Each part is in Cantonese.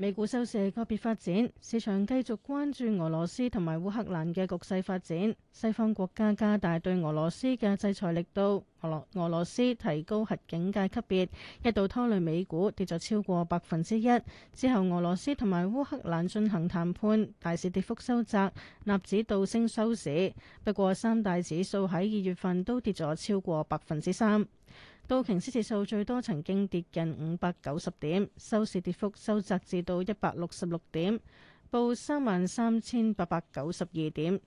美股收市，個別發展，市場繼續關注俄羅斯同埋烏克蘭嘅局勢發展。西方國家加大對俄羅斯嘅制裁力度，俄羅俄羅斯提高核警戒級別，一度拖累美股跌咗超過百分之一。之後俄羅斯同埋烏克蘭進行談判，大市跌幅收窄，納指倒升收市。不過三大指數喺二月份都跌咗超過百分之三。道瓊斯指數最多曾經跌近五百九十點，收市跌幅收窄至到一百六十六點，報三萬三千八百九十二點，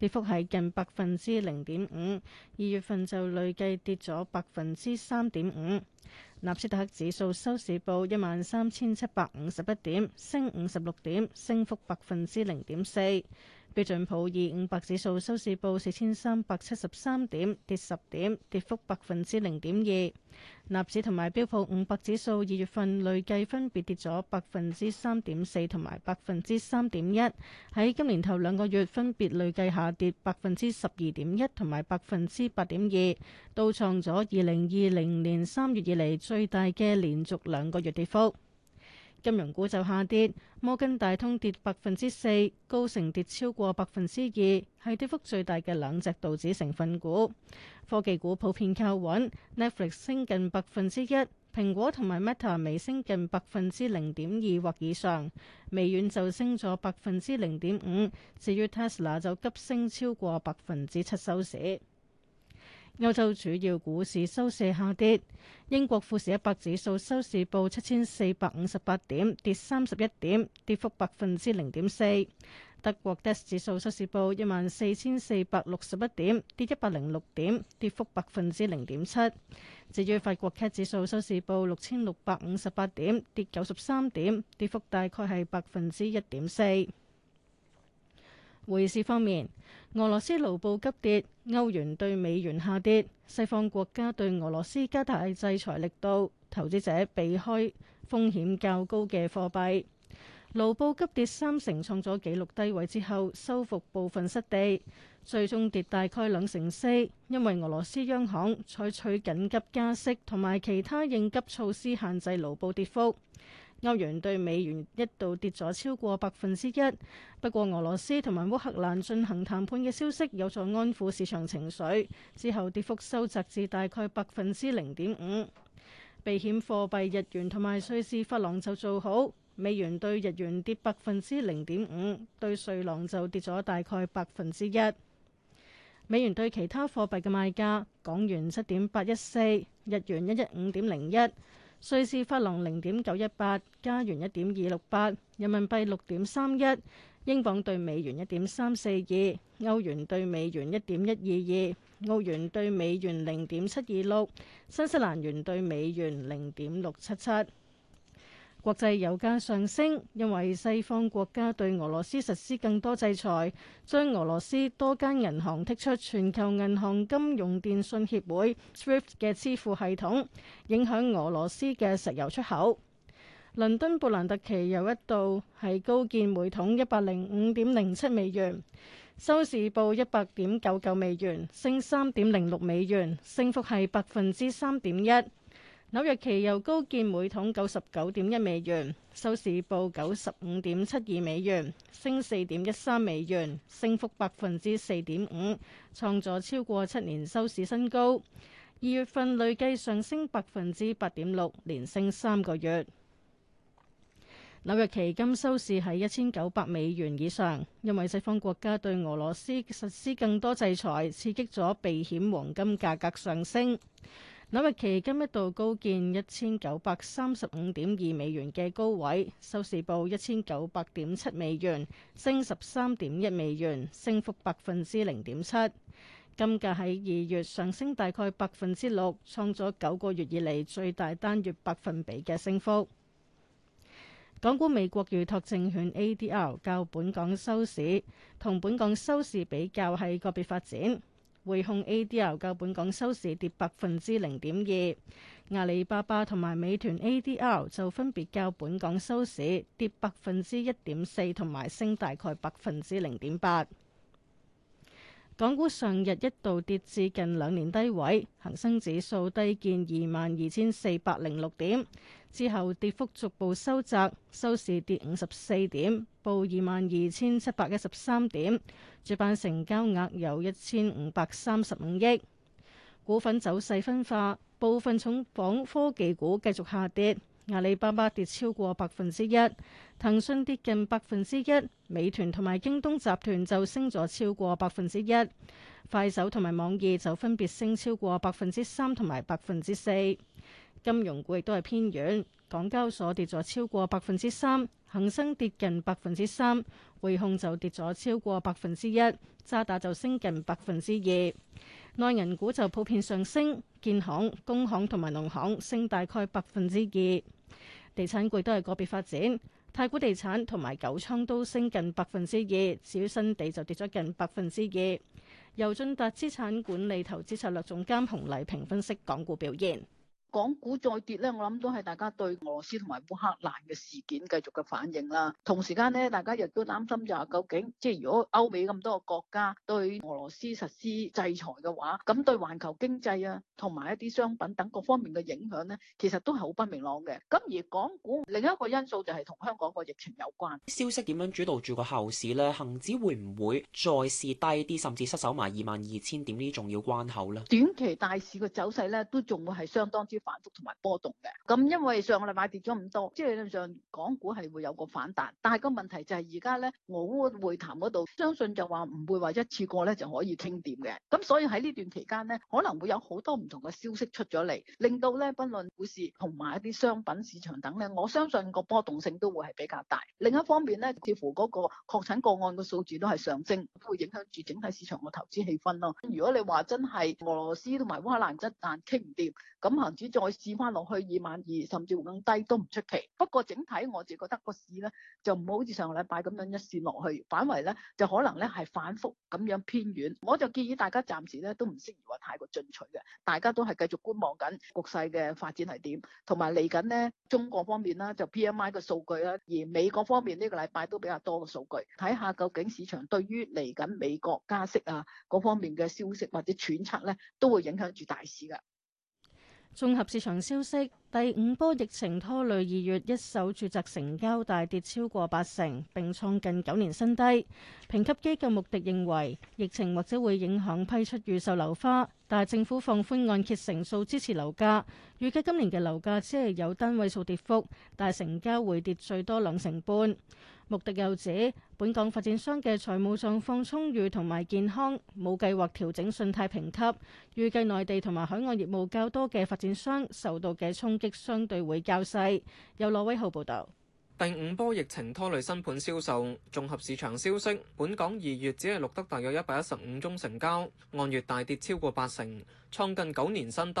跌幅係近百分之零點五。二月份就累計跌咗百分之三點五。納斯達克指數收市報一萬三千七百五十一點，升五十六點，升幅百分之零點四。標準普爾五百指數收市報四千三百七十三點，跌十點，跌幅百分之零點二。納指同埋標普五百指數二月份累計分別跌咗百分之三點四同埋百分之三點一，喺今年頭兩個月分別累計下跌百分之十二點一同埋百分之八點二，都創咗二零二零年三月以嚟最大嘅連續兩個月跌幅。金融股就下跌，摩根大通跌百分之四，高盛跌超過百分之二，係跌幅最大嘅兩隻道指成分股。科技股普遍靠穩，Netflix 升近百分之一，蘋果同埋 Meta 微升近百分之零點二或以上，微軟就升咗百分之零點五，至於 Tesla 就急升超過百分之七收市。歐洲主要股市收市下跌，英國富時一百指數收市報七千四百五十八點，跌三十一點，跌幅百分之零點四。德國 DAX 指數收市報一萬四千四百六十一點，跌一百零六點，跌幅百分之零點七。至於法國 CAC 指數收市報六千六百五十八點，跌九十三點，跌幅大概係百分之一點四。匯市方面。俄羅斯盧布急跌，歐元對美元下跌。西方國家對俄羅斯加大制裁力度，投資者避開風險較高嘅貨幣。盧布急跌三成，創咗紀錄低位之後，收復部分失地，最終跌大概兩成四，因為俄羅斯央行採取緊急加息同埋其他應急措施，限制盧布跌幅。歐元對美元一度跌咗超過百分之一，不過俄羅斯同埋烏克蘭進行談判嘅消息有助安撫市場情緒，之後跌幅收窄至大概百分之零點五。避險貨幣日元同埋瑞士法郎就做好，美元對日元跌百分之零點五，對瑞郎就跌咗大概百分之一。美元對其他貨幣嘅賣價：港元七點八一四，日元一一五點零一。瑞士法郎零點九一八，加元一點二六八，人民幣六點三一，英鎊兌美元一點三四二，歐元兌美元一點一二二，澳元兌美元零點七二六，新西蘭元兌美元零點六七七。國際油價上升，因為西方國家對俄羅斯實施更多制裁，將俄羅斯多間銀行剔出全球銀行金融電信協會 （SWIFT） 嘅支付系統，影響俄羅斯嘅石油出口。倫敦布蘭特期油一度係高見每桶一百零五點零七美元，收市報一百點九九美元，升三點零六美元，升幅係百分之三點一。紐約期油高見每桶九十九點一美元，收市報九十五點七二美元，升四點一三美元，升幅百分之四點五，創咗超過七年收市新高。二月份累計上升百分之八點六，連升三個月。紐約期金收市喺一千九百美元以上，因為西方國家對俄羅斯實施更多制裁，刺激咗避險黃金價格上升。紐約期金一度高見一千九百三十五點二美元嘅高位，收市報一千九百點七美元，升十三點一美元，升幅百分之零點七。金價喺二月上升大概百分之六，創咗九個月以嚟最大單月百分比嘅升幅。港股美國預託證券 ADR 較本港收市，同本港收市比較係個別發展。匯控 ADR 較本港收市跌百分之零點二，阿里巴巴同埋美團 ADR 就分別較本港收市跌百分之一點四同埋升大概百分之零點八。港股上日一度跌至近兩年低位，恒生指數低見二萬二千四百零六點，之後跌幅逐步收窄，收市跌五十四點，報二萬二千七百一十三點，主板成交額有一千五百三十五億。股份走勢分化，部分重磅科技股繼續下跌，阿里巴巴跌超過百分之一，騰訊跌近百分之一，美團同埋京東集團就升咗超過百分之一，快手同埋網易就分別升超過百分之三同埋百分之四。金融股亦都係偏軟，港交所跌咗超過百分之三。恒生跌近百分之三，匯控就跌咗超過百分之一，渣打就升近百分之二，內銀股就普遍上升，建行、工行同埋農行升大概百分之二，地產股都係個別發展，太古地產同埋九倉都升近百分之二，至於新地就跌咗近百分之二。由進達資產管理投資策略總監洪麗平分析港股表現。港股再跌咧，我諗都係大家對俄羅斯同埋烏克蘭嘅事件繼續嘅反應啦。同時間咧，大家亦都擔心就係究竟，即係如果歐美咁多個國家對俄羅斯實施制裁嘅話，咁對環球經濟啊，同埋一啲商品等各方面嘅影響咧，其實都係好不明朗嘅。咁而港股另一個因素就係同香港個疫情有關。消息點樣主導住個後市咧？恒指會唔會再試低啲，甚至失守埋二萬二千點呢重要關口咧？短期大市嘅走勢咧，都仲會係相當之反覆同埋波動嘅，咁因為上個禮拜跌咗咁多，即係理論上港股係會有個反彈，但係個問題就係而家咧，俄烏會談嗰度，相信就話唔會話一次過咧就可以傾掂嘅，咁所以喺呢段期間咧，可能會有好多唔同嘅消息，出咗嚟，令到咧不論股市同埋一啲商品市場等咧，我相信個波動性都會係比較大。另一方面咧，似乎嗰個確診個案嘅數字都係上升，都會影響住整體市場個投資氣氛咯。如果你話真係俄羅斯同埋烏克蘭真係傾唔掂，咁行再試翻落去二萬二，甚至更低都唔出奇。不過整體我就覺得個市咧就唔好好似上個禮拜咁樣一線落去，反為咧就可能咧係反覆咁樣偏軟。我就建議大家暫時咧都唔適宜話太過進取嘅，大家都係繼續觀望緊局勢嘅發展係點，同埋嚟緊咧中國方面啦，就 P M I 嘅數據啦，而美國方面呢個禮拜都比較多個數據，睇下究竟市場對於嚟緊美國加息啊嗰方面嘅消息或者揣測咧都會影響住大市嘅。綜合市場消息，第五波疫情拖累二月一手住宅成交大跌超過八成，並創近九年新低。評級機構穆迪認為，疫情或者會影響批出預售樓花，但係政府放寬按揭成數支持樓價，預計今年嘅樓價只係有單位數跌幅，但係成交會跌最多兩成半。穆迪又指，本港發展商嘅財務狀況充裕同埋健康，冇計劃調整信貸評級。預計內地同埋海外業務較多嘅發展商受到嘅衝擊相對會較細。有羅威浩報導。第五波疫情拖累新盤銷售，綜合市場消息，本港二月只係錄得大約一百一十五宗成交，按月大跌超過八成，創近九年新低。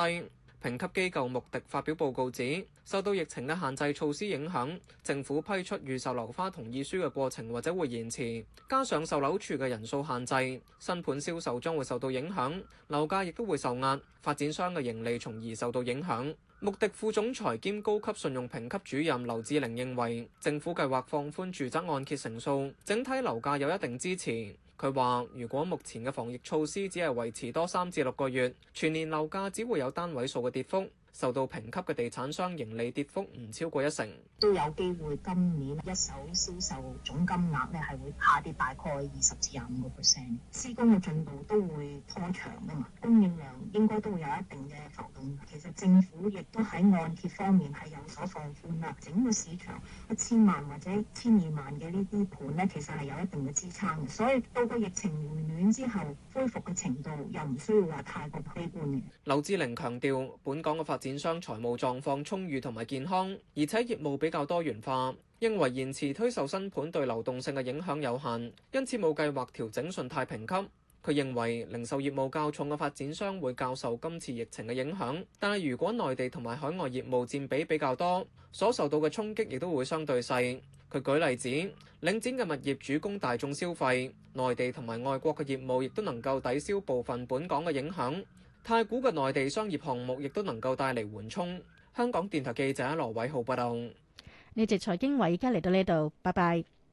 評級機構穆迪發表報告指，受到疫情嘅限制措施影響，政府批出預售樓花同意書嘅過程或者會延遲，加上售樓處嘅人數限制，新盤銷售將會受到影響，樓價亦都會受壓，發展商嘅盈利從而受到影響。穆迪副總裁兼高級信用評級主任劉志玲認為，政府計劃放寬住宅按揭成數，整體樓價有一定支持。佢話：如果目前嘅防疫措施只係維持多三至六個月，全年樓價只會有單位數嘅跌幅。受到評級嘅地產商盈利跌幅唔超過一成，都有機會今年一手銷售總金額咧係會下跌大概二十至廿五個 percent。施 工嘅進度都會拖長啊嘛，供應量應該都會有一定嘅浮動。其實政府亦都喺按揭方面係有所放寬啦。整個市場一千萬或者千二萬嘅呢啲盤咧，其實係有一定嘅支撐嘅。所以到咗疫情回暖之後。恢復嘅程度又唔需要話太過悲觀。劉志玲強調，本港嘅發展商財務狀況充裕同埋健康，而且業務比較多元化，認為延遲推售新盤對流動性嘅影響有限，因此冇計劃調整信貸評級。佢認為零售業務較重嘅發展商會較受今次疫情嘅影響，但係如果內地同埋海外業務佔比比較多，所受到嘅衝擊亦都會相對細。佢舉例子，領展嘅物業主攻大眾消費，內地同埋外國嘅業務亦都能夠抵消部分本港嘅影響。太古嘅內地商業項目亦都能夠帶嚟緩衝。香港電台記者羅偉浩報道。呢節財經委而家嚟到呢度，拜拜。